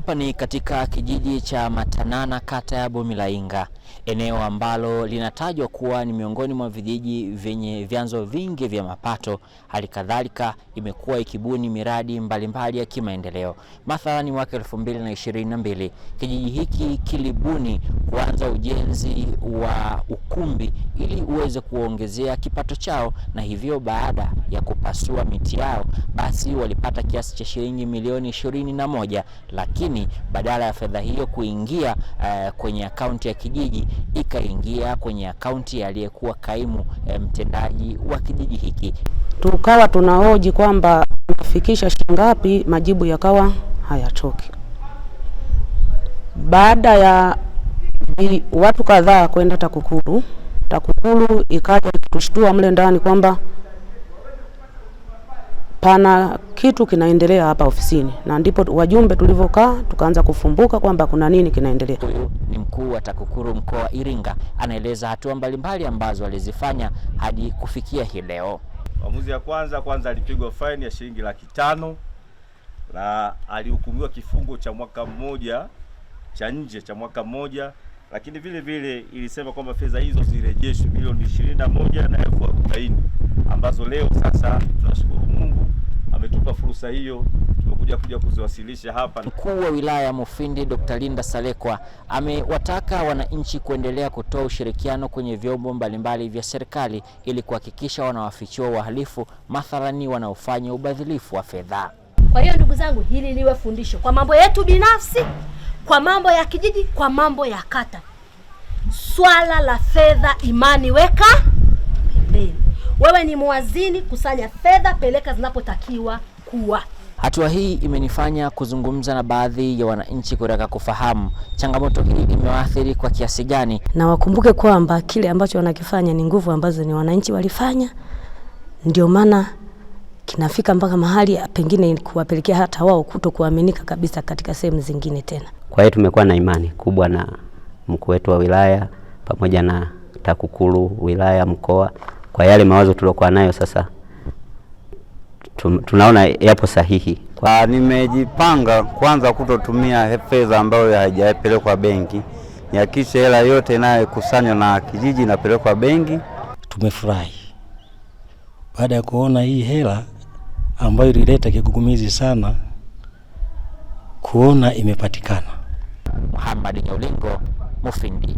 Hapa ni katika kijiji cha Matanana kata ya Bomilainga, eneo ambalo linatajwa kuwa ni miongoni mwa vijiji vyenye vyanzo vingi vya mapato. Hali kadhalika imekuwa ikibuni miradi mbalimbali mbali ya kimaendeleo. Mathalani, mwaka elfu mbili na ishirini na mbili kijiji hiki kilibuni kuanza ujenzi wa ukumbi ili uweze kuongezea kipato chao, na hivyo baada ya kupasua miti yao, basi walipata kiasi cha shilingi milioni ishirini na moja lakini badala ya fedha hiyo kuingia uh, kwenye akaunti ya kijiji ikaingia kwenye akaunti aliyekuwa kaimu eh, mtendaji um, wa kijiji hiki. Tukawa tunahoji kwamba tunafikisha shilingi ngapi, majibu yakawa hayatoki. Baada ya watu kadhaa kwenda TAKUKURU, TAKUKURU ikaja kutushtua mle ndani kwamba pana kitu kinaendelea hapa ofisini, na ndipo wajumbe tulivyokaa tukaanza kufumbuka kwamba kuna nini kinaendelea. Huyu ni mkuu wa TAKUKURU mkoa wa Iringa, anaeleza hatua mbalimbali ambazo alizifanya hadi kufikia hii leo. Maamuzi ya kwanza kwanza, alipigwa faini ya shilingi laki tano na alihukumiwa kifungo cha mwaka mmoja cha nje cha mwaka mmoja, lakini vile vile ilisema kwamba fedha hizo zirejeshwe milioni ishirini na moja na elfu arobaini ambazo leo sasa tunashukuru Mungu ametupa fursa hiyo tumekuja kuja kuziwasilisha hapa. Mkuu wa wilaya ya Mufindi Dr. Linda Salekwa amewataka wananchi kuendelea kutoa ushirikiano kwenye vyombo mbalimbali vya serikali ili kuhakikisha wanawafichua wahalifu, mathalani wanaofanya ubadhilifu wa fedha. Kwa hiyo ndugu zangu, hili liwe fundisho kwa mambo yetu binafsi, kwa mambo ya kijiji, kwa mambo ya kata. Swala la fedha, imani weka wewe ni mwazini, kusanya fedha, peleka zinapotakiwa kuwa. Hatua hii imenifanya kuzungumza na baadhi ya wananchi kutaka kufahamu changamoto hii imewaathiri kwa kiasi gani, na wakumbuke kwamba kile ambacho wanakifanya ni nguvu ambazo ni wananchi walifanya, ndio maana kinafika mpaka mahali pengine kuwapelekea hata wao kuto kuaminika kabisa katika sehemu zingine tena. Kwa hiyo tumekuwa na imani kubwa na mkuu wetu wa wilaya pamoja na TAKUKURU wilaya, mkoa kwa yale mawazo tuliokuwa nayo sasa tunaona yapo sahihi. Kwa... Ah, nimejipanga kwanza kutotumia fedha ambayo haijapelekwa benki, nihakikishe hela yote inayokusanywa na kijiji inapelekwa benki. Tumefurahi baada ya kuona hii hela ambayo ilileta kigugumizi sana kuona imepatikana. Muhammad Nyaulingo, Mufindi.